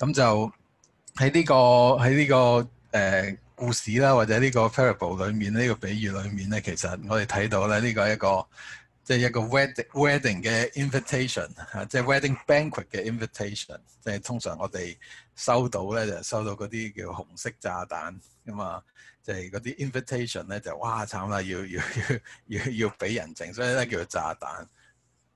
咁就喺呢、這個喺呢、這個誒、呃、故事啦，或者呢個 parable 裡面，呢、這個比喻裡面咧，其實我哋睇到咧，呢、這個一個即係一個 wed ding, wedding wedding 嘅 invitation 嚇，即係 wedding banquet 嘅 invitation，即係通常我哋收到咧就是、收到嗰啲叫紅色炸彈咁啊，即係嗰啲 invitation 咧就是 in 呢就是、哇慘啦，要要要要要俾人情，所以咧叫做炸彈。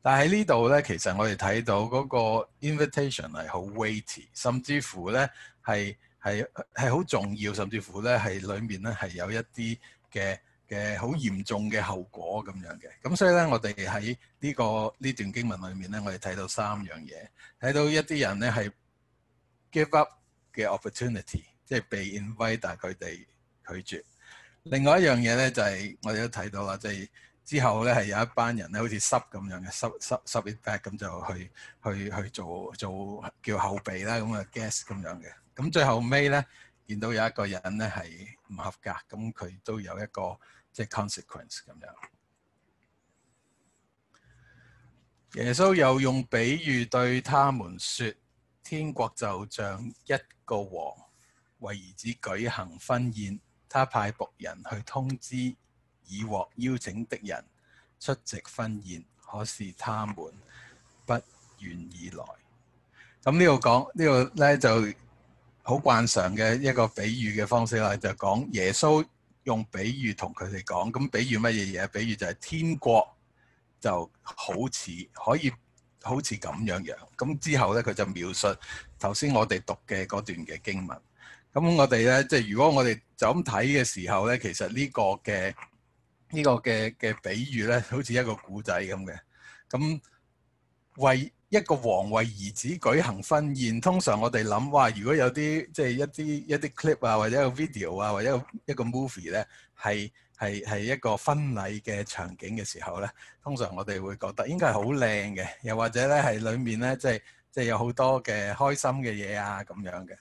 但喺呢度咧，其實我哋睇到嗰個 invitation 係好 weighty，甚至乎咧係係係好重要，甚至乎咧係裡面咧係有一啲嘅嘅好嚴重嘅後果咁樣嘅。咁所以咧，我哋喺呢個呢段經文裏面咧，我哋睇到三樣嘢，睇到一啲人咧係 give up 嘅 opportunity，即係被 invite 但佢哋拒絕。另外一樣嘢咧就係、是、我哋都睇到啦，即係。之後咧係有一班人咧，好似 sub 咁樣嘅 sub，sub sub it back 咁就去去去做做叫後備啦，咁啊 guess 咁樣嘅。咁最後尾咧見到有一個人咧係唔合格，咁佢都有一個即係、就是、consequence 咁樣。耶穌又用比喻對他們說：天國就像一個王為兒子舉行婚宴，他派僕人去通知。已獲邀請的人出席婚宴，可是他們不願意來。咁呢度講呢度咧就好慣常嘅一個比喻嘅方式啦，就講、是、耶穌用比喻同佢哋講。咁比喻乜嘢嘢？比喻就係天國就好似可以好似咁樣樣。咁之後咧，佢就描述頭先我哋讀嘅嗰段嘅經文。咁我哋咧，即係如果我哋就咁睇嘅時候咧，其實呢個嘅。呢個嘅嘅比喻咧，好似一個古仔咁嘅。咁為一個王為兒子舉行婚宴，通常我哋諗哇，如果有啲即係一啲一啲 clip 啊，或者一個 video 啊，或者一個一個 movie 咧，係係係一個婚禮嘅場景嘅時候咧，通常我哋會覺得應該係好靚嘅，又或者咧係裡面咧即係即係有好多嘅開心嘅嘢啊咁樣嘅。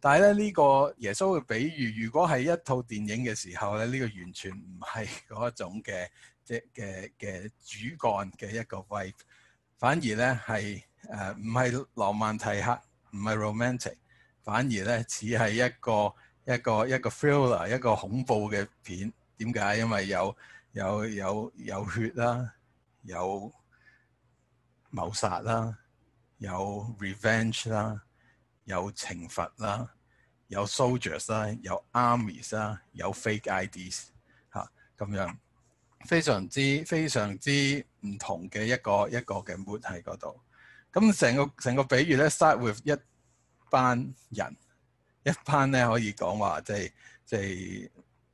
但係咧呢個耶穌嘅比喻，如果係一套電影嘅時候咧，呢、這個完全唔係嗰一種嘅即係嘅嘅主幹嘅一個 vibe，反而咧係誒唔係浪漫題刻，唔、呃、係 romantic，反而咧只係一個一個一個 thriller 一個恐怖嘅片。點解？因為有有有有血啦，有謀殺啦，有 revenge 啦。有懲罰啦，有 soldiers 啦，有 armies 啦，有 fake ideas 嚇，咁樣非常之非常之唔同嘅一個一個嘅 mood 喺嗰度。咁成個成個比喻咧，start with 一班人，一班咧可以講話即係即係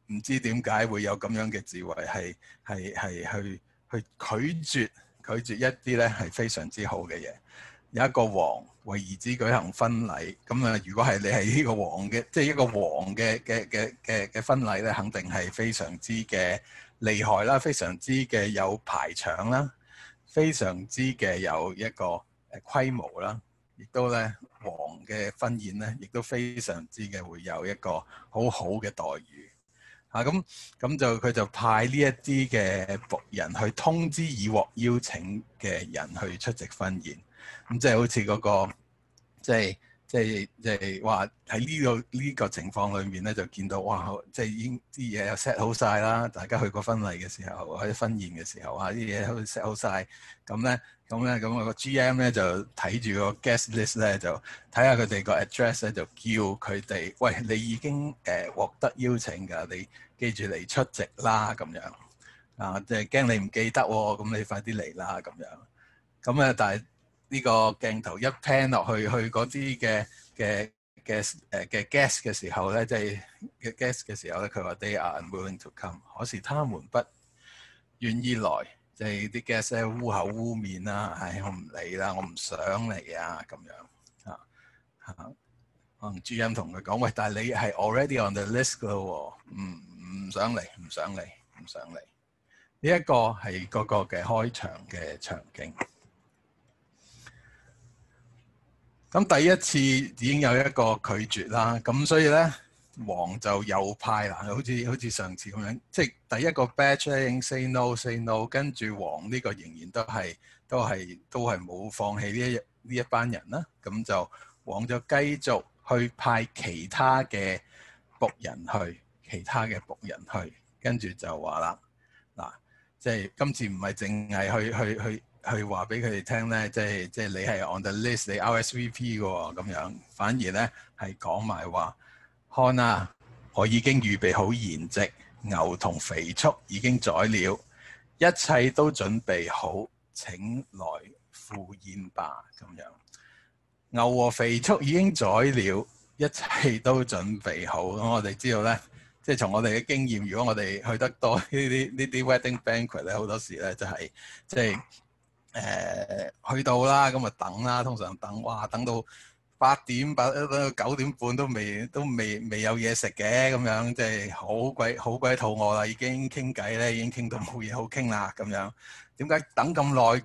唔知點解會有咁樣嘅智慧，係係係去去拒絕拒絕一啲咧係非常之好嘅嘢。有一個王。為兒子舉行婚禮，咁啊，如果係你係呢個王嘅，即係一個王嘅嘅嘅嘅嘅婚禮咧，肯定係非常之嘅厲害啦，非常之嘅有排場啦，非常之嘅有一個誒規模啦，亦都咧王嘅婚宴咧，亦都非常之嘅會有一個好好嘅待遇，嚇咁咁就佢就派呢一啲嘅僕人去通知已獲邀請嘅人去出席婚宴。咁、嗯、即係好似嗰、那個，即係即係即係話喺呢個呢、這個情況裏面咧，就見到哇，即係已經啲嘢又 set 好晒啦。大家去過婚禮嘅時候，或者婚宴嘅時候啊，啲嘢都似 set 好晒咁咧，咁咧咁個 GM 咧就睇住個 guest list 咧，就睇下佢哋個 address 咧，就叫佢哋喂，你已經誒、呃、獲得邀請㗎，你記住嚟出席啦，咁樣啊，即係驚你唔記得喎、啊，咁你快啲嚟啦，咁樣咁啊，但係。呢個鏡頭一 pan 落去去嗰啲嘅嘅嘅誒嘅 guest 嘅時候咧，即係嘅 guest 嘅時候咧，佢話 They are unwilling to come，可是他們不願意來，即係啲 guest 咧烏口烏面啦、啊，唉、哎，我唔理啦，我唔想嚟啊，咁樣啊啊，我唔注意咁同佢講喂，但係你係 already on the list 噶喎，唔、嗯、唔想嚟，唔想嚟，唔想嚟，呢一、這個係個個嘅開場嘅場景。咁第一次已經有一個拒絕啦，咁所以咧，王就又派啦，好似好似上次咁樣，即係第一個 batch 應 say no say no，跟住王呢個仍然都係都係都係冇放棄呢一呢一班人啦，咁就王就繼續去派其他嘅僕人去，其他嘅僕人去，跟住就話啦，嗱，即係今次唔係淨係去去去。去去去話俾佢哋聽咧，即係即係你係 on the list，你 RSVP 嘅喎、哦，咁樣。反而咧係講埋話，看啊，ana, 我已經預備好筵席，牛同肥畜已經宰了，一切都準備好，請來赴宴吧。咁樣，牛和肥畜已經宰了，一切都準備好。咁我哋知道咧，即係從我哋嘅經驗，如果我哋去得多呢啲呢啲 wedding banquet 咧，好多時咧就係即係。就是誒去到啦，咁咪等啦。通常等，哇，等到八點八，等到九點半都未，都未未有嘢食嘅，咁樣即係好鬼好鬼肚餓啦。已經傾偈咧，已經傾到冇嘢好傾啦，咁樣。點解等咁耐？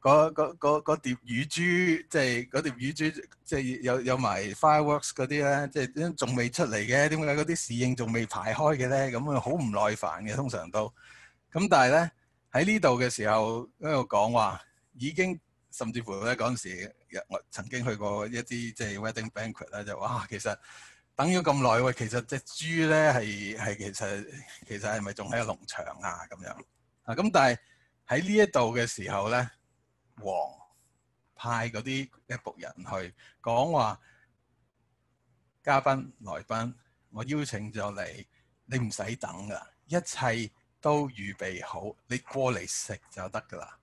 嗰碟乳豬，即係嗰碟乳豬，即係有有埋 fireworks 嗰啲咧，即係仲未出嚟嘅。點解嗰啲侍應仲未排開嘅咧？咁啊，好唔耐煩嘅，通常都。咁但係咧。喺呢度嘅時候喺度講話，已經甚至乎咧嗰陣時，我曾經去過一啲即係 wedding banquet 咧，就哇，其實等咗咁耐喂，其實隻豬咧係係其實其實係咪仲喺個農場啊咁樣啊？咁但係喺呢一度嘅時候咧，王派嗰啲僕人去講話，嘉賓來賓，我邀請咗你，你唔使等噶，一切。都預備好，你過嚟食就得㗎啦。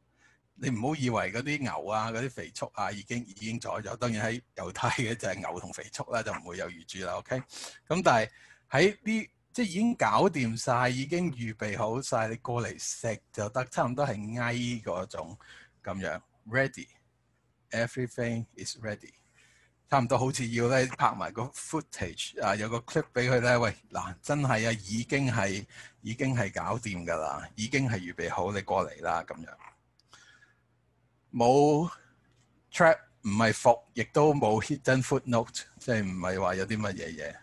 你唔好以為嗰啲牛啊、嗰啲肥畜啊已經已經宰咗。當然喺猶太嘅就係牛同肥畜啦，就唔會有魚豬啦。OK，咁但係喺啲即係已經搞掂晒，已經預備好晒，你過嚟食就得，差唔多係挨嗰種咁樣。Ready，everything is ready。差唔多好似要咧拍埋個 footage 啊，有個 clip 俾佢咧。喂嗱，真係啊，已經係已經係搞掂㗎啦，已經係預備好你過嚟啦，咁樣冇 trap，唔係伏，亦都冇 hidden footnote，即係唔係話有啲乜嘢嘢。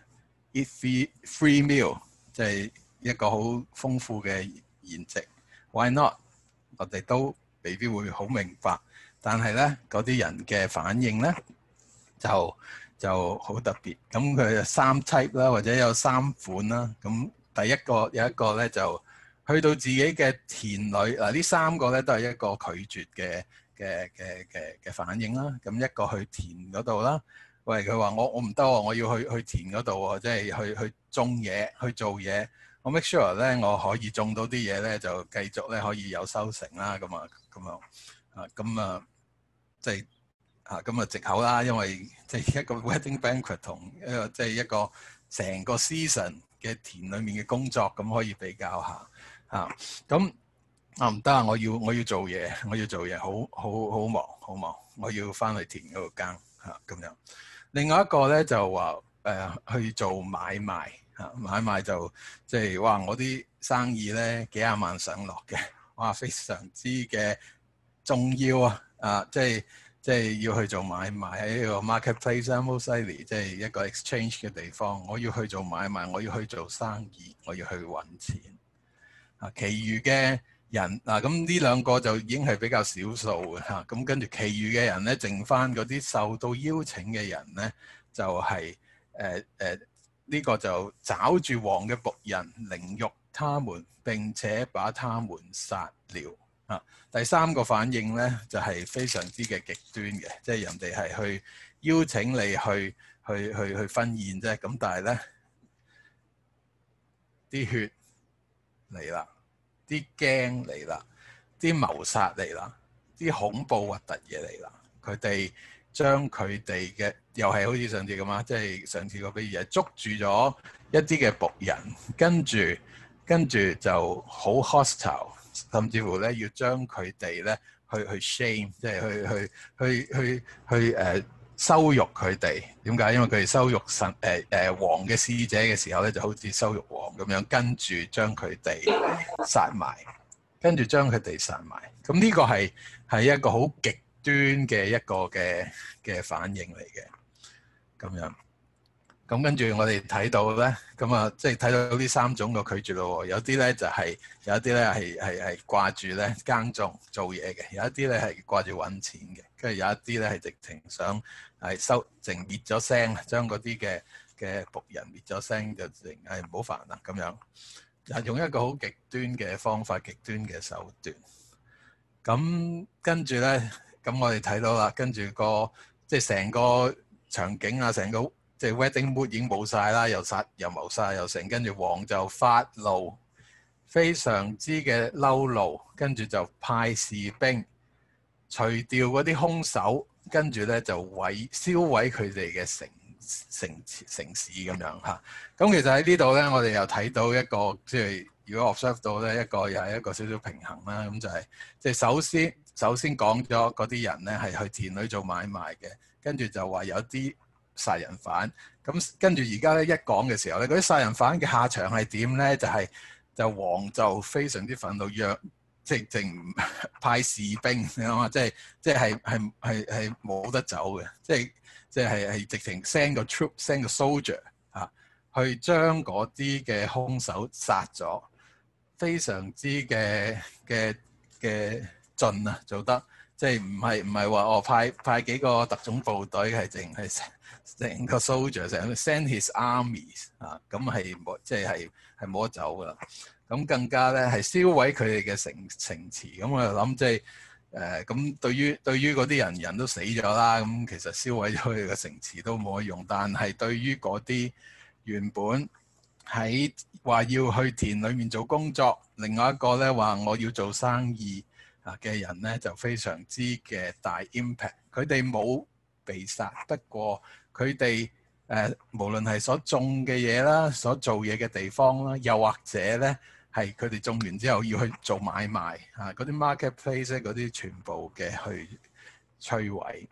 Eat free free meal，即係一個好豐富嘅宴席。Why not？我哋都未必會好明白，但係咧嗰啲人嘅反應咧。就就好特別，咁佢有三 type 啦，或者有三款啦。咁第一個有一個咧，就去到自己嘅田裏嗱，呢、啊、三個咧都係一個拒絕嘅嘅嘅嘅嘅反應啦。咁一個去田嗰度啦，喂，佢話我我唔得喎，我要去去田嗰度喎，即係去去種嘢去做嘢。我 make sure 咧我可以種到啲嘢咧，就繼續咧可以有收成啦。咁啊咁樣啊咁啊即係。就是嚇咁啊，藉口啦，因為即係一個 wedding banquet 同一個即係、就是、一個成個 season 嘅田裏面嘅工作咁可以比較下嚇。咁啊唔得啊，我要我要做嘢，我要做嘢，好好好忙好忙，我要翻去田度耕嚇咁樣。另外一個咧就話誒、呃、去做買賣嚇、啊，買賣就即係哇！我啲生意咧幾廿萬上落嘅，哇非常之嘅重要啊啊即係。即係要去做買賣喺呢個 marketplace I'm、啊、咁犀利，即係一個 exchange 嘅地方。我要去做買賣，我要去做生意，我要去揾錢。啊，其餘嘅人嗱，咁呢兩個就已經係比較少數嘅。咁跟住其餘嘅人咧，剩翻嗰啲受到邀請嘅人咧，就係誒誒呢個就找住王嘅僕人，凌辱他們並且把他們殺了。啊，第三個反應咧，就係非常之嘅極端嘅，即係人哋係去邀請你去去去去婚宴啫。咁但係咧，啲血嚟啦，啲驚嚟啦，啲謀殺嚟啦，啲恐怖核突嘢嚟啦。佢哋將佢哋嘅又係好似上次咁啊，即係上次個比喻係捉住咗一啲嘅僕人，跟住跟住就好 hostile。甚至乎咧，要將佢哋咧去 shame，去 shame，即係去去去去去誒、uh，羞辱佢哋。點解？因為佢哋羞辱神誒誒、uh, uh，王嘅使者嘅時候咧，就好似羞辱王咁樣，跟住將佢哋殺埋，跟住將佢哋殺埋。咁呢個係係一個好極端嘅一個嘅嘅反應嚟嘅，咁樣。咁跟住我哋睇到咧，咁啊，即係睇到呢啲三種個拒絕咯。有啲咧就係、係，有一啲咧係係係掛住咧耕種做嘢嘅，有一啲咧係掛住揾錢嘅，跟住有一啲咧係直情想係收靜滅咗聲啊，將嗰啲嘅嘅僕人滅咗聲就淨係唔好煩啦咁樣。啊，用一個好極端嘅方法，極端嘅手段。咁跟住咧，咁我哋睇到啦，跟住個即係成個場景啊，成個。即係 wedding mood 已經冇晒啦，又殺又謀殺，又成，跟住王就發怒，非常之嘅嬲怒，跟住就派士兵除掉嗰啲兇手，跟住咧就毀燒毀佢哋嘅城城城市咁樣吓，咁其實喺呢度咧，我哋又睇到一個，即係如果 observe 到咧，一個又係一個少少平衡啦。咁就係即係首先首先講咗嗰啲人咧係去田裏做買賣嘅，跟住就話有啲殺人犯，咁跟住而家咧一講嘅時候咧，嗰啲殺人犯嘅下場係點咧？就係、是、就王就非常之憤怒，約直情派士兵，你諗下，即係即係係係冇得走嘅，即係即係係直情 send 個 troop，send 個 soldier 啊，去將嗰啲嘅兇手殺咗，非常之嘅嘅嘅盡啊做得，即係唔係唔係話哦派派幾個特種部隊係淨係成個 soldiers，send his armies 啊，咁係冇，即係係係冇得走噶啦。咁更加咧係燒毀佢哋嘅城城池。咁我就諗即係誒，咁、呃、對於對於嗰啲人人都死咗啦。咁其實燒毀咗佢哋嘅城池都冇用。但係對於嗰啲原本喺話要去田裏面做工作，另外一個咧話我要做生意啊嘅人咧，就非常之嘅大 impact。佢哋冇被殺，不過。佢哋誒，無論係所種嘅嘢啦，所做嘢嘅地方啦，又或者咧，係佢哋種完之後要去做買賣啊，嗰啲 marketplace 嗰啲全部嘅去摧毀，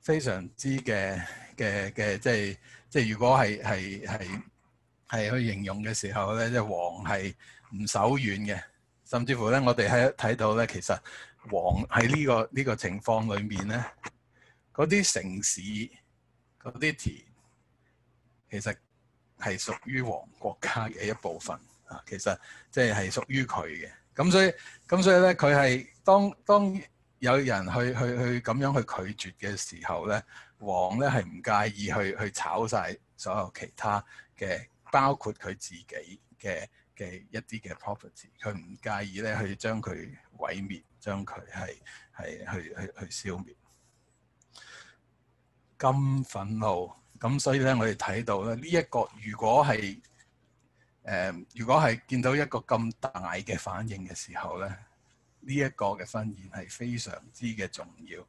非常之嘅嘅嘅，即係即係如果係係係係去形容嘅時候咧，即係黃係唔手軟嘅，甚至乎咧，我哋喺睇到咧，其實黃喺呢個呢個情況裏面咧，嗰啲城市。嗰啲田其實係屬於王國家嘅一部分啊，其實即係係屬於佢嘅。咁所以咁所以咧，佢係當當有人去去去咁樣去拒絕嘅時候咧，王咧係唔介意去去炒晒所有其他嘅，包括佢自己嘅嘅一啲嘅 property，佢唔介意咧去將佢毀滅，將佢係係去去去消滅。咁憤怒，咁所以咧，我哋睇到咧呢一個，如果係誒，如果係見到一個咁大嘅反應嘅時候咧，呢一個嘅婚宴係非常之嘅重要。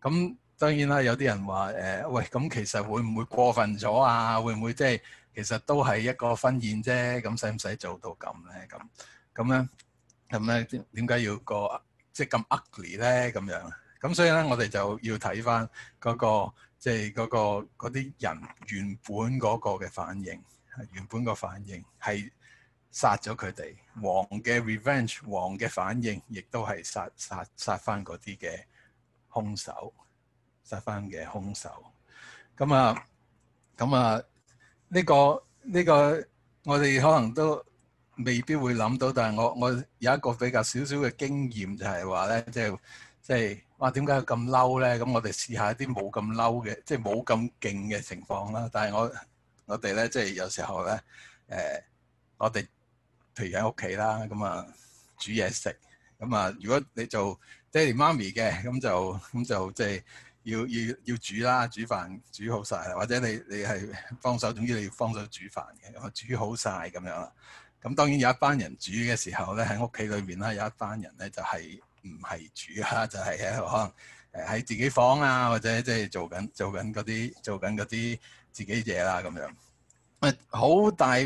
咁當然啦，有啲人話誒，喂，咁其實會唔會過分咗啊？會唔會即係其實都係一個婚宴啫？咁使唔使做到咁咧？咁咁咧，咁咧點點解要個即係咁 ugly 咧？咁樣，咁所以咧我哋就要睇翻嗰個。即係嗰個嗰啲人原本嗰個嘅反應，原本個反應係殺咗佢哋，黃嘅 revenge，黃嘅反應亦都係殺殺殺翻嗰啲嘅兇手，殺翻嘅兇手。咁啊，咁啊，呢個呢個我哋可能都未必會諗到，但係我我有一個比較少少嘅經驗就，就係話咧，即係即係。哇！點解咁嬲咧？咁我哋試下一啲冇咁嬲嘅，即係冇咁勁嘅情況啦。但係我我哋咧，即係有時候咧，誒、呃，我哋譬如喺屋企啦，咁啊煮嘢食，咁啊，如果你做爹哋媽咪嘅，咁就咁就即係要要要煮啦，煮飯煮好晒，或者你你係幫手，總之你要幫手煮飯嘅，煮好晒咁樣啦。咁當然有一班人煮嘅時候咧，喺屋企裏面啦，有一班人咧就係、是。唔係煮啊，就係咧可能誒喺自己房啊，或者即係做緊做緊嗰啲做緊嗰啲自己嘢啦咁樣。誒好大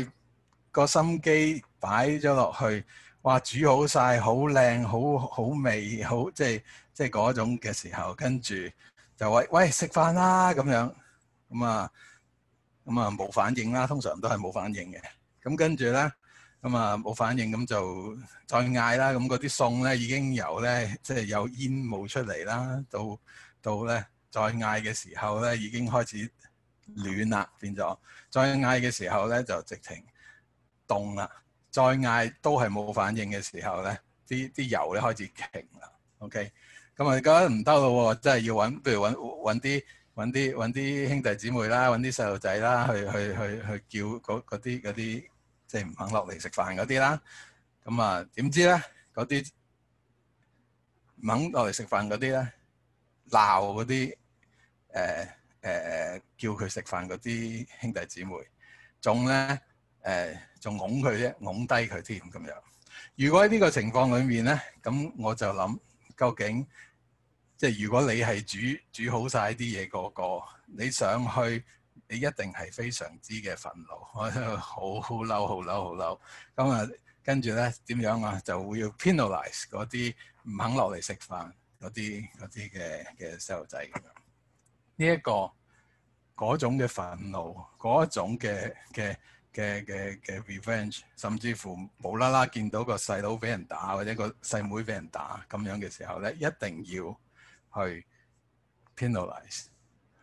個心機擺咗落去，話煮好晒，好靚，好好味，好即係即係嗰種嘅時候，跟住就話喂，食飯啦咁樣，咁啊咁啊冇反應啦，通常都係冇反應嘅。咁跟住咧。咁啊，冇反應，咁就再嗌啦。咁嗰啲餸咧，已經由咧即係有煙霧出嚟啦，到到咧再嗌嘅時候咧，已經開始暖啦，變咗。再嗌嘅時候咧，就直情凍啦。再嗌都係冇反應嘅時候咧，啲啲油咧開始停啦。OK，咁啊，而家唔得咯，真係要揾，譬如揾揾啲揾啲揾啲兄弟姊妹啦，揾啲細路仔啦，去去去去叫啲嗰啲。即係唔肯落嚟食飯嗰啲啦，咁啊，點知咧，嗰啲唔肯落嚟食飯嗰啲咧，鬧嗰啲誒誒叫佢食飯嗰啲兄弟姊妹，仲咧誒仲拱佢啫，拱、呃、低佢添咁樣。如果喺呢個情況裏面咧，咁我就諗究竟即係如果你係煮煮好晒啲嘢嗰個，你想去。你一定係非常之嘅憤怒，我就好嬲、好嬲、好嬲。咁啊，跟住咧點樣啊，就會要 penalize 嗰啲唔肯落嚟食飯嗰啲啲嘅嘅細路仔。呢一、這個嗰種嘅憤怒，嗰種嘅嘅嘅嘅嘅 revenge，甚至乎冇啦啦見到個細佬俾人打，或者個細妹俾人打咁樣嘅時候咧，一定要去 penalize。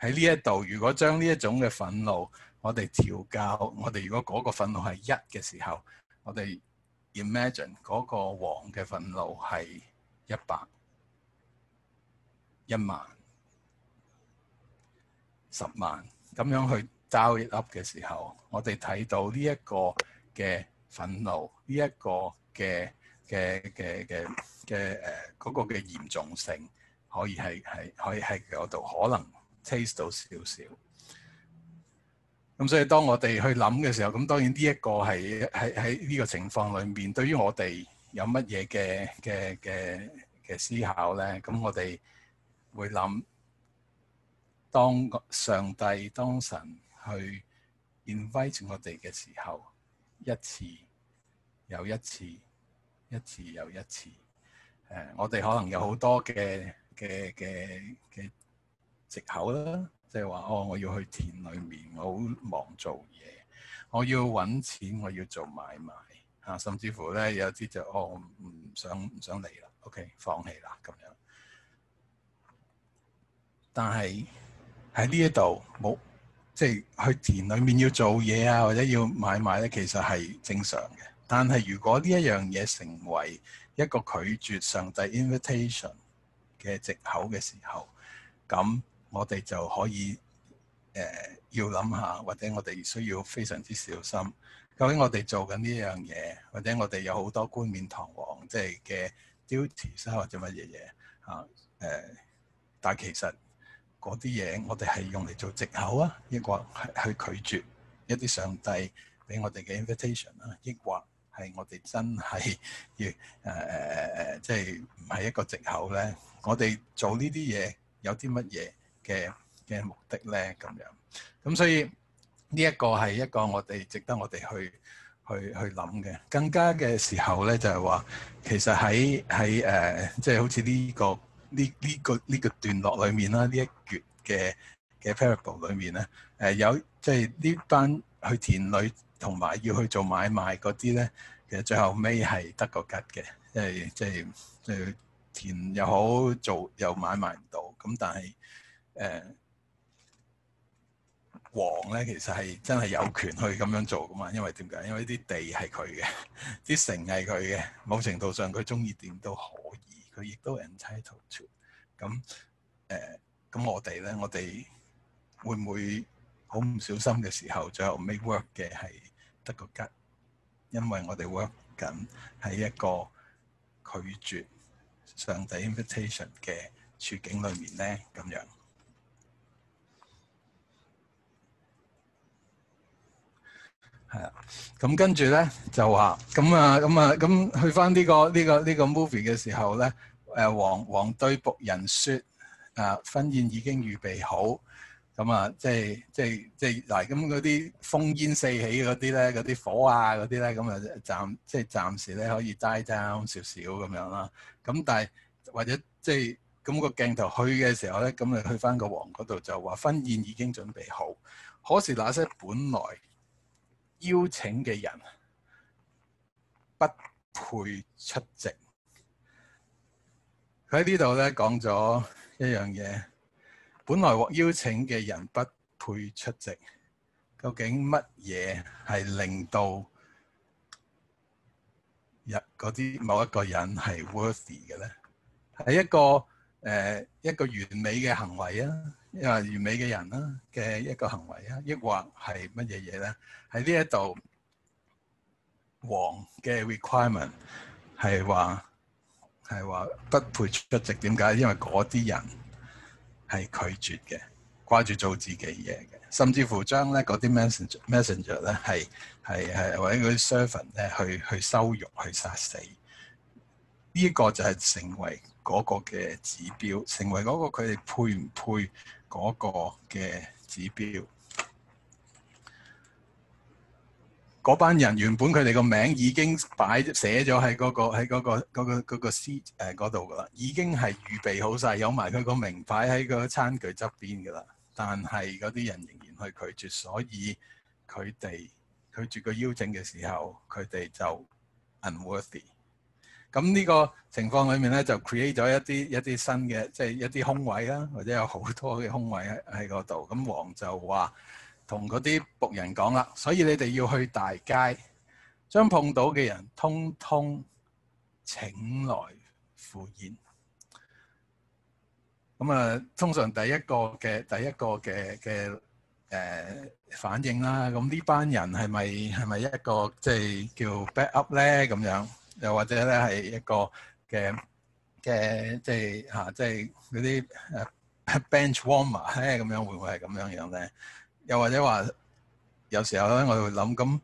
喺呢一度，如果將呢一種嘅憤怒，我哋調校我哋。如果嗰個憤怒係一嘅時候，我哋 imagine 嗰個黃嘅憤怒係一百、一萬、十萬咁樣去 double up 嘅時候，我哋睇到呢一個嘅憤怒，呢一個嘅嘅嘅嘅嘅嘅誒嗰個嘅嚴重性可以係係可以喺嗰度可能。taste 到少少，咁所以當我哋去諗嘅時候，咁當然呢一個係喺喺呢個情況裏面，對於我哋有乜嘢嘅嘅嘅嘅思考咧？咁我哋會諗，當上帝當神去 invite 我哋嘅時候，一次又一次，一次又一次，誒、uh, 我哋可能有好多嘅嘅嘅嘅。藉口啦，即係話哦，我要去田裏面，我好忙做嘢，我要揾錢，我要做買賣，啊，甚至乎呢，有啲就哦唔想唔想嚟啦，OK，放棄啦咁樣。但係喺呢一度冇，即係去田裏面要做嘢啊，或者要買賣呢，其實係正常嘅。但係如果呢一樣嘢成為一個拒絕上帝 invitation 嘅藉口嘅時候，咁。我哋就可以誒、呃、要諗下，或者我哋需要非常之小心。究竟我哋做緊呢樣嘢，或者我哋有好多冠冕堂皇即係嘅 duties 或者乜嘢嘢啊？誒、呃，但係其實嗰啲嘢我哋係用嚟做借口啊，抑或係去拒絕一啲上帝俾我哋嘅 invitation 啊？抑或係我哋真係要誒誒誒誒，即係唔係一個借口咧？我哋做呢啲嘢有啲乜嘢？嘅嘅目的咧，咁樣咁，所以呢一個係一個我哋值得我哋去去去諗嘅。更加嘅時候咧，就係、是、話其實喺喺誒，即係、呃就是、好似呢、呢個呢呢、呢個呢、呢個段落裡面啦，呢一橛嘅嘅 parable 裡面咧，誒、呃、有即係呢班去田裏同埋要去做買賣嗰啲咧，其實最後尾係得個吉嘅，即係即係誒田又好做又買賣唔到咁，但係。誒王咧，其實係真係有權去咁樣做噶嘛？因為點解？因為啲地係佢嘅，啲城係佢嘅。某程度上，佢鍾意點都可以。佢亦都 entitled to 咁誒。咁我哋咧，我哋會唔會好唔小心嘅時候，最後 make work 嘅係得個吉？因為我哋 work 緊喺一個拒絕上帝 invitation 嘅處境裏面咧，咁樣。係啦，咁跟住咧就話咁啊，咁啊，咁去翻呢個呢個呢個 movie 嘅時候咧，誒王王對僕人說：啊婚宴已經預備好，咁啊即係即係即係嗱，咁嗰啲烽煙四起嗰啲咧，嗰啲火啊嗰啲咧，咁啊暫即係暫時咧可以 die down 少少咁樣啦。咁但係或者即係咁個鏡頭去嘅時候咧，咁你去翻個王嗰度就話、是、婚宴已經準備好，可是那些本來邀請嘅人不配出席。佢喺呢度咧講咗一樣嘢，本來獲邀請嘅人不配出席。究竟乜嘢係令到一嗰啲某一個人係 worthy 嘅咧？係一個誒、呃、一個完美嘅行為啊！因為完美嘅人啦嘅一個行為啊，抑或係乜嘢嘢咧？喺呢一度王嘅 requirement 係話係話不配出席，點解？因為嗰啲人係拒絕嘅，掛住做自己嘢嘅，甚至乎將咧嗰啲 messenger messenger 咧係係係或者嗰啲 servant 咧去去羞辱，去殺死呢一個就係成為嗰個嘅指標，成為嗰個佢哋配唔配？嗰個嘅指標，嗰班人原本佢哋個名已經擺寫咗喺嗰個，喺嗰個嗰個嗰個 seat，誒嗰度噶啦，已經係預備好晒，有埋佢個名牌喺個餐具側邊噶啦。但係嗰啲人仍然去拒絕，所以佢哋拒絕個邀請嘅時候，佢哋就 unworthy。咁呢個情況裏面咧，就 create 咗一啲一啲新嘅，即係一啲空位啦，或者有好多嘅空位喺喺嗰度。咁王就話同嗰啲僕人講啦，所以你哋要去大街，將碰到嘅人通通請來赴宴。咁啊，通常第一個嘅第一個嘅嘅誒反應啦，咁呢班人係咪係咪一個即係叫 back up 咧咁樣？又或者咧係一個嘅嘅即係嚇，即係嗰啲、啊、誒、啊、bench warmer 咁樣，會唔會係咁樣樣咧？又或者話有時候咧，我哋會諗咁，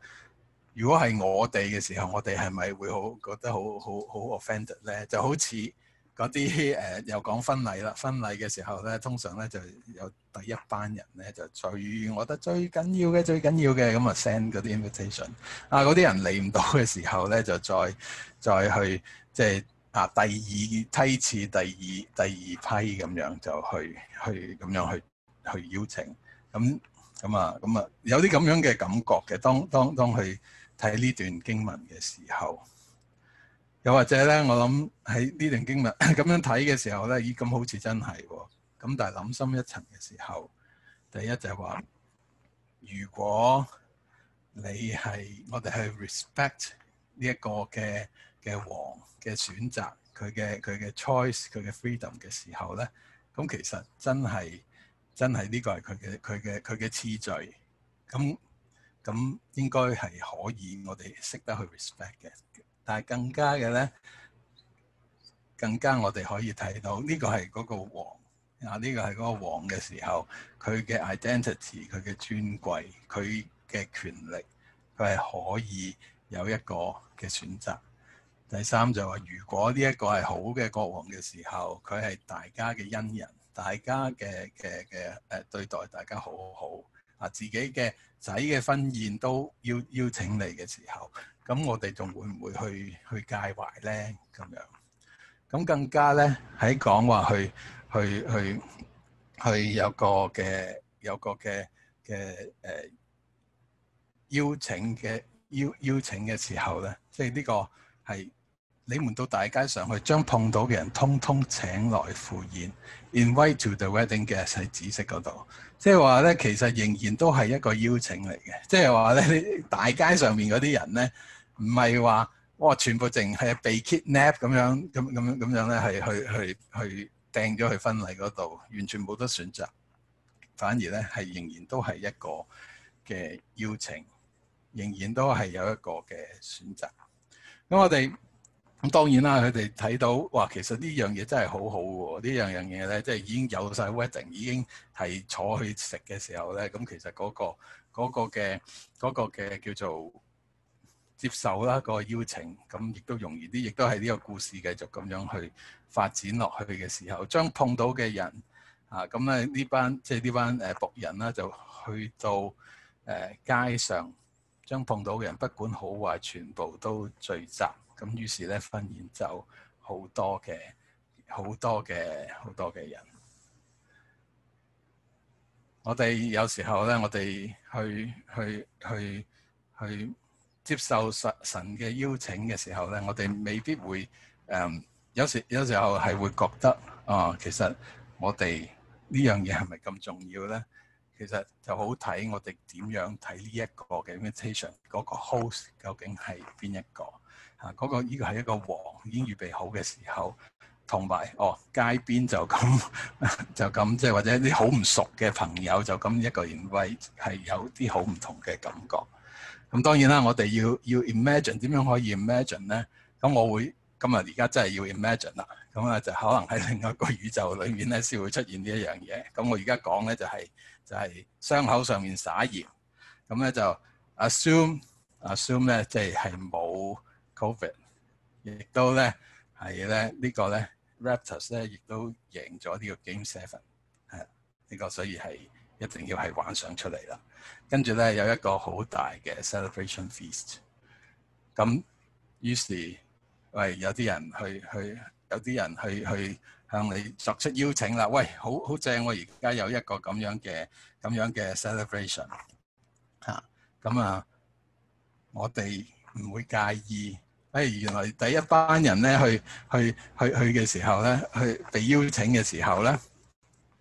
如果係我哋嘅時候，我哋係咪會好覺得好好好 offended 咧？就好似～嗰啲誒又講婚禮啦，婚禮嘅時候咧，通常咧就有第一班人咧，就最我覺得最緊要嘅、最緊要嘅咁啊 send 嗰啲 invitation。啊，嗰啲人嚟唔到嘅時候咧，就再再去即係啊第二梯次第二、第二第二批咁樣就去去咁樣去去，去邀請。咁咁啊咁啊，有啲咁樣嘅感覺嘅。當當當去睇呢段經文嘅時候。又或者咧，我諗喺呢段經文咁樣睇嘅時候咧，咦？咁好似真係喎，哦。咁但係諗深一層嘅時候，第一就係話，如果你係我哋去 respect 呢一個嘅嘅王嘅選擇，佢嘅佢嘅 choice，佢嘅 freedom 嘅時候咧，咁其實真係真係呢個係佢嘅佢嘅佢嘅次序。咁咁應該係可以我哋識得去 respect 嘅。但係更加嘅咧，更加我哋可以睇到呢個係嗰個王啊，呢個係嗰個王嘅時候，佢嘅 identity，佢嘅尊貴，佢嘅權力，佢係可以有一個嘅選擇。第三就係話，如果呢一個係好嘅國王嘅時候，佢係大家嘅恩人，大家嘅嘅嘅誒對待大家好好好啊，自己嘅。仔嘅婚宴都要邀，邀請你嘅時候，咁我哋仲會唔會去去介懷咧？咁樣咁更加咧喺講話，去去去去有個嘅有個嘅嘅誒邀請嘅邀邀請嘅時候咧，即係呢個係你們到大街上去將碰到嘅人通通請來赴宴，invite to the wedding 嘅 guest 係紫色嗰度。即係話咧，其實仍然都係一個邀請嚟嘅。即係話咧，大街上面嗰啲人咧，唔係話哇，全部淨係被 kidnap 咁樣，咁咁樣咁樣咧，係去去去掟咗去婚禮嗰度，完全冇得選擇。反而咧，係仍然都係一個嘅邀請，仍然都係有一個嘅選擇。咁我哋。咁當然啦，佢哋睇到哇，其實、啊、呢樣嘢真係好好喎。呢樣樣嘢咧，即係已經有晒 wedding，已經係坐去食嘅時候咧。咁其實嗰、嗰個嘅嗰嘅叫做接受啦、嗰個邀請，咁亦都容易啲，亦都係呢個故事繼續咁樣去發展落去嘅時候，將碰到嘅人啊，咁咧呢班即係呢班誒僕人啦，就去到誒、呃、街上將碰到嘅人，不管好壞，全部都聚集。咁於是咧，婚宴就好多嘅，好多嘅，好多嘅人。我哋有時候咧，我哋去去去去接受神神嘅邀請嘅時候咧，我哋未必會誒有時有時候係會覺得啊、哦，其實我哋呢樣嘢係咪咁重要咧？其實就好睇我哋點樣睇呢一個嘅 invitation 個 host 究竟係邊一個。啊！嗰個呢個係一個王已經預備好嘅時候，同埋哦街邊就咁就咁，即係或者啲好唔熟嘅朋友就咁一個認為係有啲好唔同嘅感覺。咁當然啦，我哋要要 imagine 點樣可以 imagine 咧？咁我會今日而家真係要 imagine 啦。咁啊，就可能喺另外一個宇宙裏面咧，先會出現呢一樣嘢。咁我而家講咧就係就係傷口上面撒鹽。咁咧就 assume assume 咧，即係係冇。Covid 亦都咧係咧，呢個咧 Raptors 咧亦都贏咗呢個 Game Seven，係呢個，所以係一定要係幻想出嚟啦。跟住咧有一個好大嘅 Celebration Feast，咁於是喂有啲人去去，有啲人去去向你作出邀請啦。喂，好好正喎，而家有一個咁樣嘅咁樣嘅 Celebration 嚇，咁啊，我哋唔會介意。誒原來第一班人咧去去去去嘅時候咧，去被邀請嘅時候咧，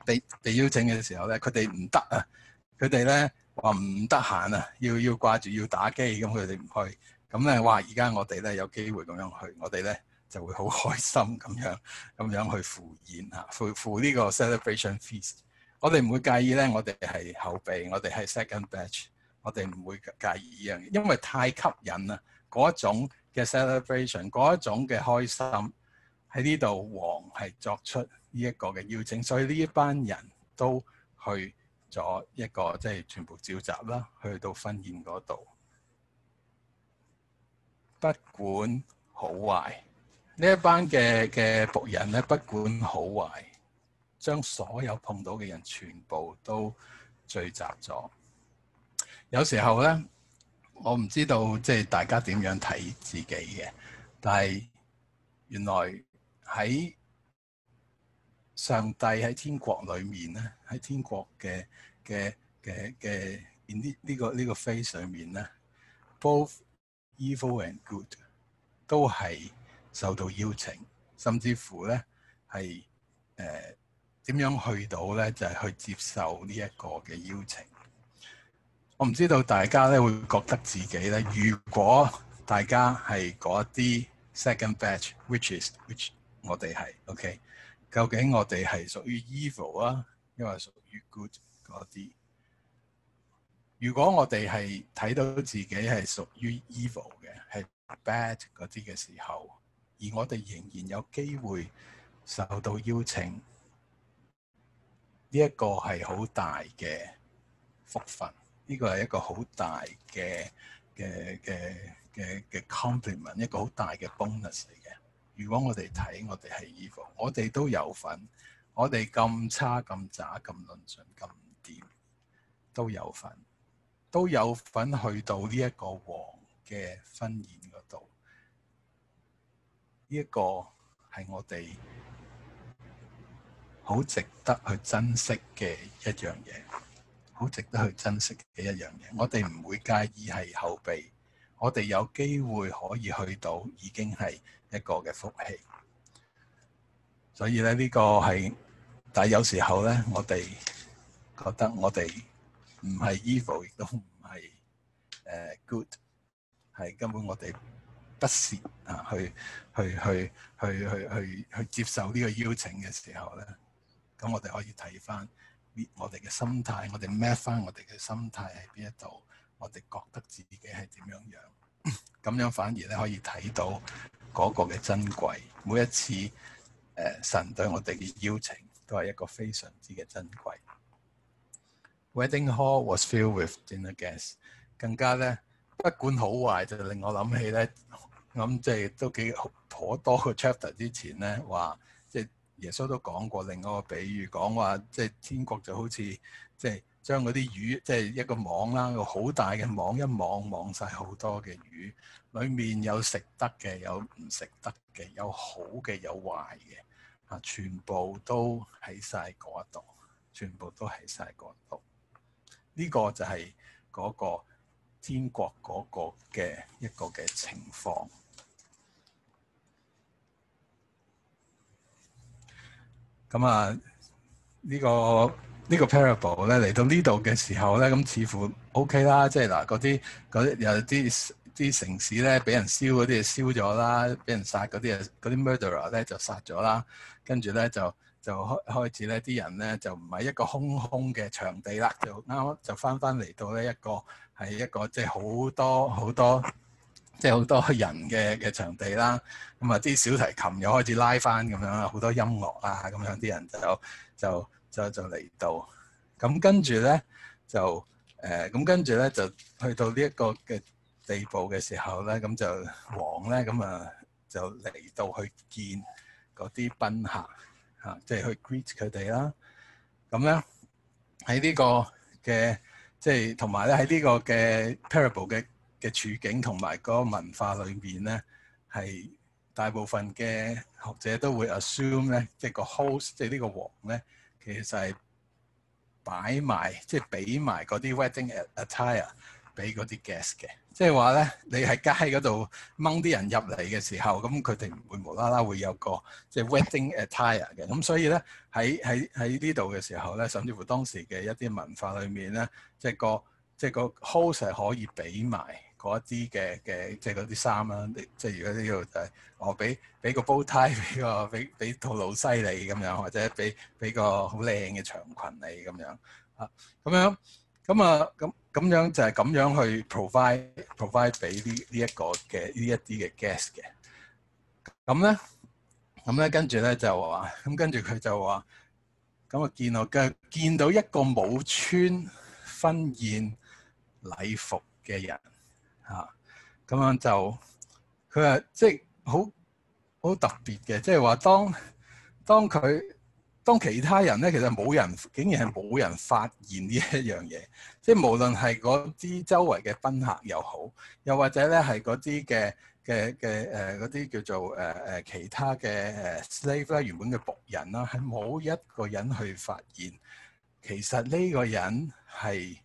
被被邀請嘅時候咧，佢哋唔得啊！佢哋咧話唔得閒啊，要要掛住要打機，咁佢哋唔去。咁咧，哇！而家我哋咧有機會咁樣去，我哋咧就會好開心咁樣咁樣去赴宴啊，赴赴呢個 celebration feast。我哋唔會介意咧，我哋係後備，我哋係 second batch，我哋唔會介意呢樣嘢，因為太吸引啦嗰種。嘅 celebration 嗰一種嘅開心，喺呢度王係作出呢一個嘅邀請，所以呢一班人都去咗一個即係全部召集啦，去到婚宴嗰度。不管好壞，呢一班嘅嘅僕人咧，不管好壞，將所有碰到嘅人全部都聚集咗。有時候咧。我唔知道即係大家點樣睇自己嘅，但係原來喺上帝喺天國裏面咧，喺天國嘅嘅嘅嘅呢呢個呢、呢個 face 上面咧，both evil and good 都係受到邀請，甚至乎咧係誒點樣去到咧，就係、是、去接受呢一個嘅邀請。我唔知道大家咧會覺得自己咧，如果大家係嗰啲 second batch，which is which，我哋係 OK，究竟我哋係屬於 evil 啊，抑或屬於 good 嗰啲？如果我哋係睇到自己係屬於 evil 嘅，係 bad 嗰啲嘅時候，而我哋仍然有機會受到邀請，呢一個係好大嘅福分。呢個係一個好大嘅嘅嘅嘅嘅 compliment，一個好大嘅 bonus 嚟嘅。如果我哋睇，我哋係 Evil，我哋都有份。我哋咁差、咁渣、咁論盡、咁掂，都有份，都有份去到呢一個王嘅婚宴嗰度。呢一個係我哋好值得去珍惜嘅一樣嘢。好值得去珍惜嘅一樣嘢，我哋唔會介意係後備，我哋有機會可以去到已經係一個嘅福氣。所以咧，呢個係，但係有時候咧，我哋覺得我哋唔係 evil 亦都唔係誒 good，係根本我哋不屑啊去去去去去去去接受呢個邀請嘅時候咧，咁我哋可以睇返。我哋嘅心態，我哋 map 翻我哋嘅心態喺邊一度，我哋覺得自己係點樣樣，咁樣反而咧可以睇到嗰個嘅珍貴。每一次誒、呃、神對我哋嘅邀請，都係一個非常之嘅珍貴。Wedding hall was filled with dinner guests。更加咧，不管好壞，就令我諗起咧，咁即係都幾可多個 chapter 之前咧話。耶穌都講過另外一個比喻，講話即係天國就好似即係將嗰啲魚，即係一個網啦，個好大嘅網，一網網晒好多嘅魚，裡面有食得嘅，有唔食得嘅，有好嘅，有壞嘅，啊，全部都喺晒嗰度，全部都喺晒嗰度，呢個就係嗰個天國嗰個嘅一個嘅情況。咁、嗯、啊，這個這個、呢個呢個 parable 咧嚟到呢度嘅時候咧，咁似乎 OK 啦，即係嗱嗰啲嗰啲有啲啲城市咧，俾人燒嗰啲嘢燒咗啦，俾人殺嗰啲啊啲 murderer 咧就殺咗啦，跟住咧就就開開始咧啲人咧就唔係一個空空嘅場地啦，就啱啱就返返嚟到呢一個係一個即係好多好多。即係好多人嘅嘅場地啦，咁啊啲小提琴又開始拉返咁樣啦，好多音樂啊咁樣啲人就就就就嚟到，咁跟住咧就誒，咁跟住咧就去到呢一個嘅地步嘅時候咧，咁就王咧咁啊就嚟到去見嗰啲賓客啊，即係去 greet 佢哋啦。咁咧喺呢個嘅即係同埋咧喺呢個嘅 parable 嘅。嘅處境同埋嗰個文化裏面咧，係大部分嘅學者都會 assume 咧，即係個 host 即係呢個王咧，其實係擺埋即係俾埋嗰啲 wedding attire 俾嗰啲 guest 嘅。即係話咧，你喺街嗰度掹啲人入嚟嘅時候，咁佢哋唔會無啦啦會有個即係 wedding attire 嘅。咁所以咧喺喺喺呢度嘅時候咧，甚至乎當時嘅一啲文化裏面咧，即係個即係個 host 係可以俾埋。嗰啲嘅嘅，即係嗰啲衫啦。即係如果呢度就係我俾俾個煲呔俾個俾俾套老西利咁樣，或者俾俾個好靚嘅長裙你咁樣啊。咁樣咁啊，咁咁樣就係咁樣去 provide provide 俾呢呢一個嘅呢一啲嘅 guest 嘅。咁咧咁咧，跟住咧就話咁，跟住佢就話咁啊，見我嘅見到一個冇穿婚宴禮服嘅人。啊，咁樣就佢話即係好好特別嘅，即係話當當佢當其他人咧，其實冇人竟然係冇人發現呢一樣嘢，即係無論係嗰啲周圍嘅賓客又好，又或者咧係嗰啲嘅嘅嘅誒嗰啲叫做誒誒、呃、其他嘅誒 slave 咧，原本嘅僕人啦，係冇一個人去發現，其實呢個人係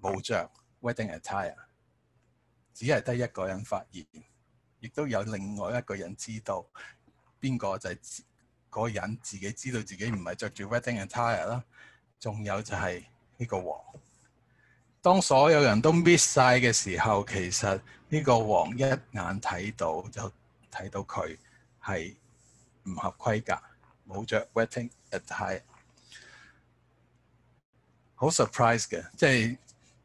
冇着。Wedding attire 只係得一個人發現，亦都有另外一個人知道邊個就係嗰個人，自己知道自己唔係着住 wedding attire 啦。仲有就係呢個王。當所有人都 miss 晒嘅時候，其實呢個王一眼睇到就睇到佢係唔合規格，冇着 wedding attire。好 surprise 嘅，即係。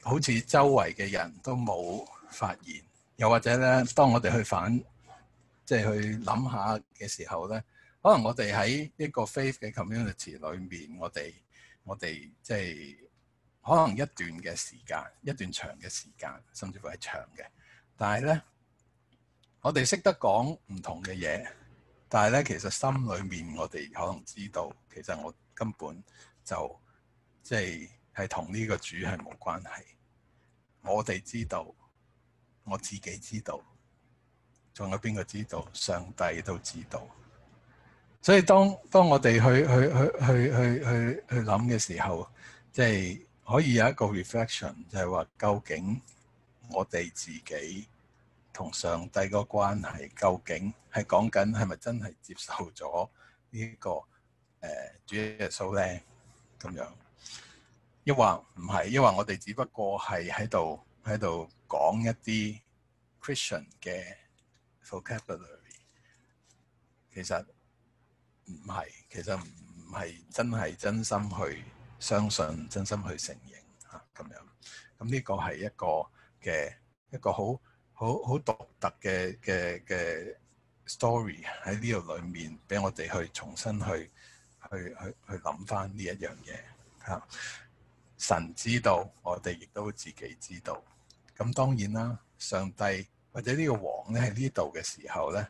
好似周圍嘅人都冇發現，又或者咧，當我哋去反，即係去諗下嘅時候咧，可能我哋喺一個 faith 嘅 community 裏面，我哋我哋即係可能一段嘅時間，一段長嘅時間甚至乎係長嘅。但係咧，我哋識得講唔同嘅嘢，但係咧，其實心裏面我哋可能知道，其實我根本就即係係同呢個主係冇關係。我哋知道，我自己知道，仲有邊個知道？上帝都知道。所以當當我哋去去去去去去去諗嘅時候，即係可以有一個 reflection，就係話究竟我哋自己同上帝個關係究竟係講緊係咪真係接受咗呢個誒主耶穌咧？咁樣。抑或唔係，抑或我哋只不過係喺度喺度講一啲 Christian 嘅 vocabulary，其實唔係，其實唔係真係真心去相信、真心去承認嚇咁樣。咁呢個係一個嘅一個好好好獨特嘅嘅嘅 story 喺呢度裡面，俾我哋去重新去去去去諗翻呢一樣嘢嚇。神知道，我哋亦都自己知道。咁當然啦，上帝或者呢個王咧喺呢度嘅時候咧，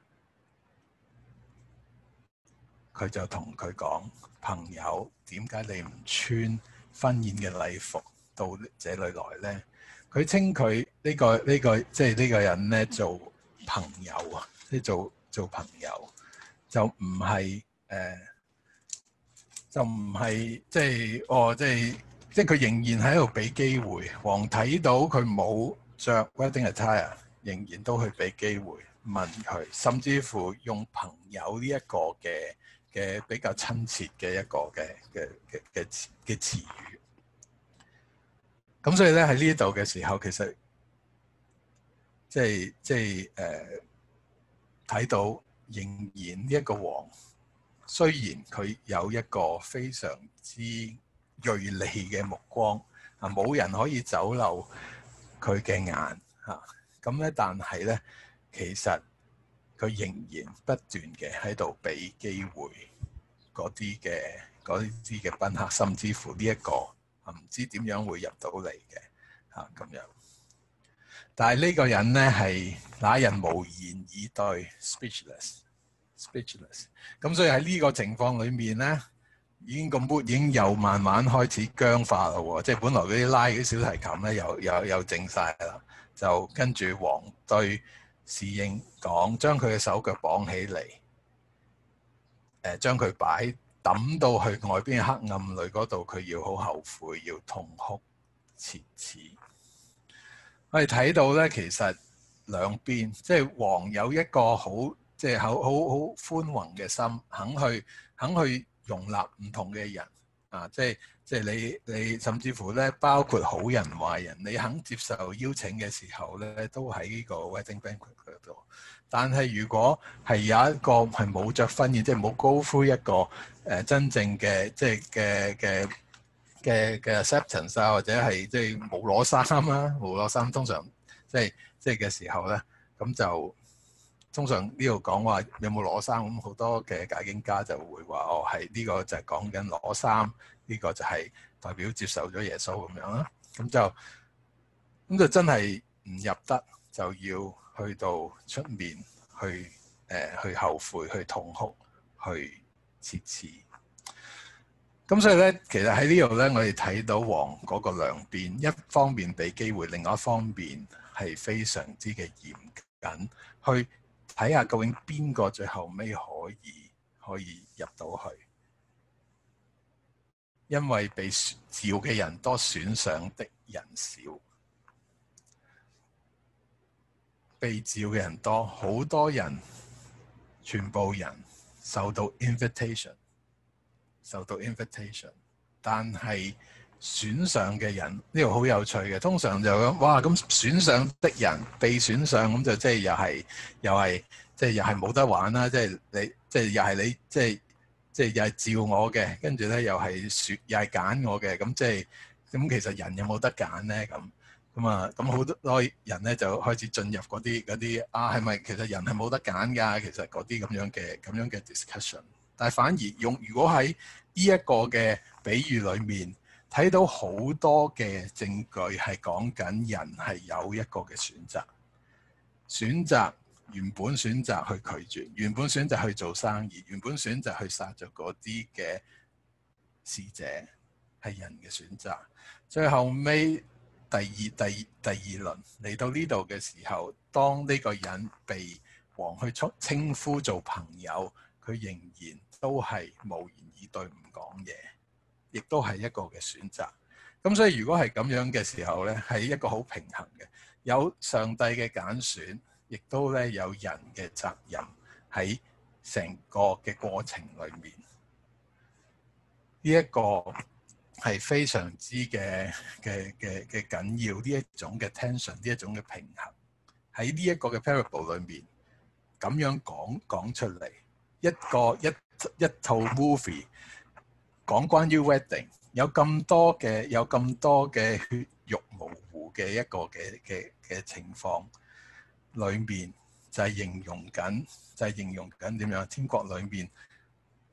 佢就同佢講：朋友，點解你唔穿婚宴嘅禮服到這裡來咧？佢稱佢呢個呢個即係呢個人咧做朋友啊，即係做做朋友，就唔係誒，就唔係即係我、哦、即係。即係佢仍然喺度俾機會，王睇到佢冇着 wedding attire，仍然都去俾機會問佢，甚至乎用朋友呢一個嘅嘅比較親切嘅一個嘅嘅嘅嘅嘅詞語。咁所以咧喺呢度嘅時候，其實即係即係誒睇到仍然呢一個王，雖然佢有一個非常之銳利嘅目光啊，冇人可以走漏佢嘅眼嚇。咁、啊、咧，但係咧，其實佢仍然不斷嘅喺度俾機會嗰啲嘅嗰啲嘅賓客，甚至乎呢、這、一個係唔、啊、知點樣會入到嚟嘅嚇咁樣。但係呢個人咧係打人無言以對，speechless，speechless。咁 Speech Speech 所以喺呢個情況裏面咧。已經咁，已經又慢慢開始僵化啦喎！即係本來嗰啲拉嗰啲小提琴咧，又又又整晒啦，就跟住黃對侍應講，將佢嘅手腳綁起嚟，誒、呃，將佢擺抌到去外邊黑暗裏嗰度，佢要好後悔，要痛哭切齒。我哋睇到咧，其實兩邊即係黃有一個好，即係好好好寬宏嘅心，肯去，肯去。容納唔同嘅人啊，即係即係你你甚至乎咧，包括好人壞人，你肯接受邀請嘅時候咧，都喺呢個 wedding banquet 嗰度。但係如果係有一個係冇着婚宴，即係冇高呼一個誒真正嘅即係嘅嘅嘅嘅 acceptance 啊，或者係即係冇攞衫啦，冇攞衫通常即係即係嘅時候咧，咁就。通常呢度講話有冇攞衫，咁好多嘅解經家就會話：哦，係呢、這個就係講緊攞衫，呢、這個就係代表接受咗耶穌咁樣啦。咁就咁就真係唔入得，就要去到出面去誒、呃、去後悔、去痛哭、去切齒。咁所以咧，其實喺呢度咧，我哋睇到王嗰個兩邊，一方面俾機會，另外一方面係非常之嘅嚴謹去。睇下究竟邊個最後尾可以可以入到去，因為被召嘅人多，選上的人少。被召嘅人多，好多人，全部人受到 invitation，受到 invitation，但係，選上嘅人呢個好有趣嘅，通常就咁哇咁選上的人被選上咁就即係又係又係即係又係冇得玩啦。即係你即係又係你即係即係又係照我嘅，跟住咧又係選又係揀我嘅咁即係咁。即係、其實人有冇得揀咧？咁咁啊咁好多人咧就開始進入嗰啲嗰啲啊，係咪其實人係冇得揀㗎？其實嗰啲咁樣嘅咁樣嘅 discussion，但係反而用如果喺呢一個嘅比喻裡面。睇到好多嘅證據係講緊人係有一個嘅選擇，選擇原本選擇去拒絕，原本選擇去做生意，原本選擇去殺咗嗰啲嘅使者，係人嘅選擇。最後尾第二第二第二輪嚟到呢度嘅時候，當呢個人被王去稱稱呼做朋友，佢仍然都係無言以對，唔講嘢。亦都係一個嘅選擇，咁所以如果係咁樣嘅時候呢，係一個好平衡嘅，有上帝嘅揀選，亦都呢有人嘅責任喺成個嘅過程裏面。呢一個係非常之嘅嘅嘅嘅緊要，呢一種嘅 tension，呢一種嘅平衡喺呢一個嘅 parable 裏面，咁樣講講出嚟，一個一一,一套 movie。講關於 wedding 有咁多嘅有咁多嘅血肉模糊嘅一個嘅嘅嘅情況裏面就係、是、形容緊就係、是、形容緊點樣天國裏面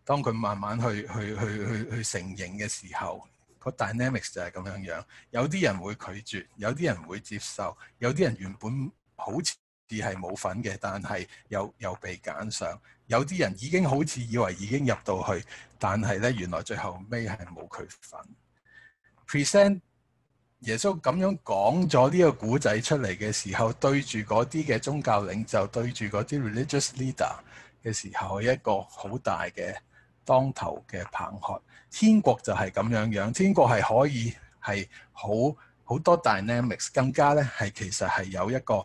當佢慢慢去去去去去成形嘅時候，個 dynamics 就係咁樣樣，有啲人會拒絕，有啲人會接受，有啲人原本好似啲係冇份嘅，但係又又被揀上。有啲人已經好似以為已經入到去，但係呢，原來最後尾係冇佢份。Present 耶穌咁樣講咗呢個古仔出嚟嘅時候，對住嗰啲嘅宗教領袖，對住嗰啲 religious leader 嘅時候，係一個好大嘅當頭嘅棒喝。天國就係咁樣樣，天國係可以係好好多 dynamics，更加呢，係其實係有一個。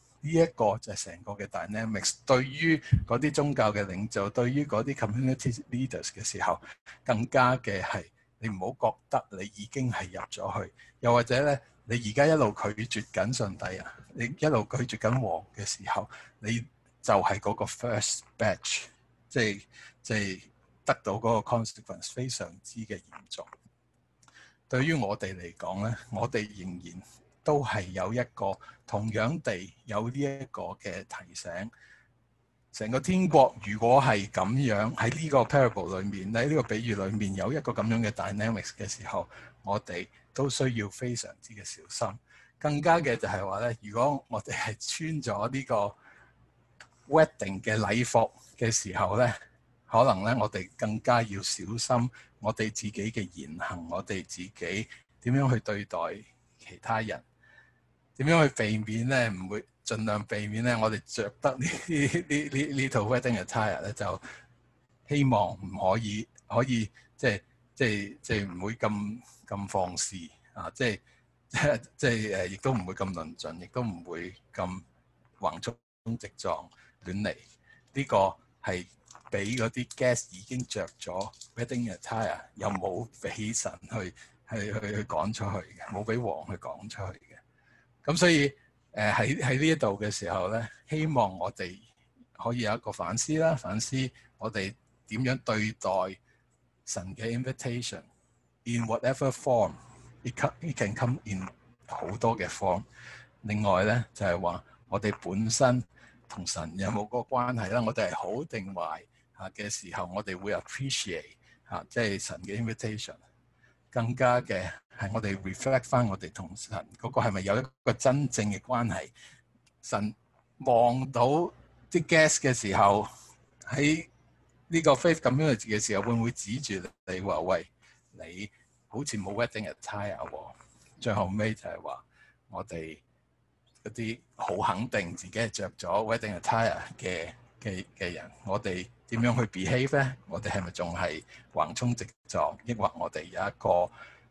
呢一個就係成個嘅 dynamics，對於嗰啲宗教嘅領袖，對於嗰啲 community leaders 嘅時候，更加嘅係你唔好覺得你已經係入咗去，又或者咧你而家一路拒絕緊上帝啊，你一路拒絕緊王嘅時候，你就係嗰個 first batch，即係即係得到嗰個 consequence 非常之嘅嚴重。對於我哋嚟講咧，我哋仍然，都係有一個同樣地有呢一個嘅提醒。成個天國如果係咁樣，喺呢個 parable 裏面，喺呢個比喻裏面有一個咁樣嘅 dynamics 嘅時候，我哋都需要非常之嘅小心。更加嘅就係話咧，如果我哋係穿咗呢個 wedding 嘅禮服嘅時候咧，可能咧我哋更加要小心我哋自己嘅言行，我哋自己點樣去對待其他人。點樣去避免咧？唔會盡量避免咧。我哋着得呢呢呢呢套 wedding attire 咧，就希望唔可以可以即係即係即係唔會咁咁放肆啊！即係即係即係誒，亦都唔會咁論盡，亦都唔會咁橫衝直撞亂嚟。呢個係俾嗰啲 guest 已經着咗 wedding attire，又冇俾神去去去去講出去嘅，冇俾王去講出去嘅。咁所以誒喺喺呢一度嘅時候咧，希望我哋可以有一個反思啦，反思我哋點樣對待神嘅 invitation。In whatever form it, come, it can come in 好多嘅 form。另外咧就係話我哋本身同神有冇嗰個關係啦，我哋係好定壞啊嘅時候，我哋會 appreciate 啊，即係神嘅 invitation 更加嘅。係我哋 reflect 翻我哋同神嗰個係咪有一個真正嘅關係，神望到啲 guest 嘅時候，喺呢個 faith 咁樣嘅時候，會唔會指住你話喂，你好似冇 wedding attire 喎？最後尾就係話我哋嗰啲好肯定自己係着咗 wedding attire 嘅嘅嘅人，我哋點樣去 behave 咧？我哋係咪仲係橫衝直撞，抑或我哋有一個。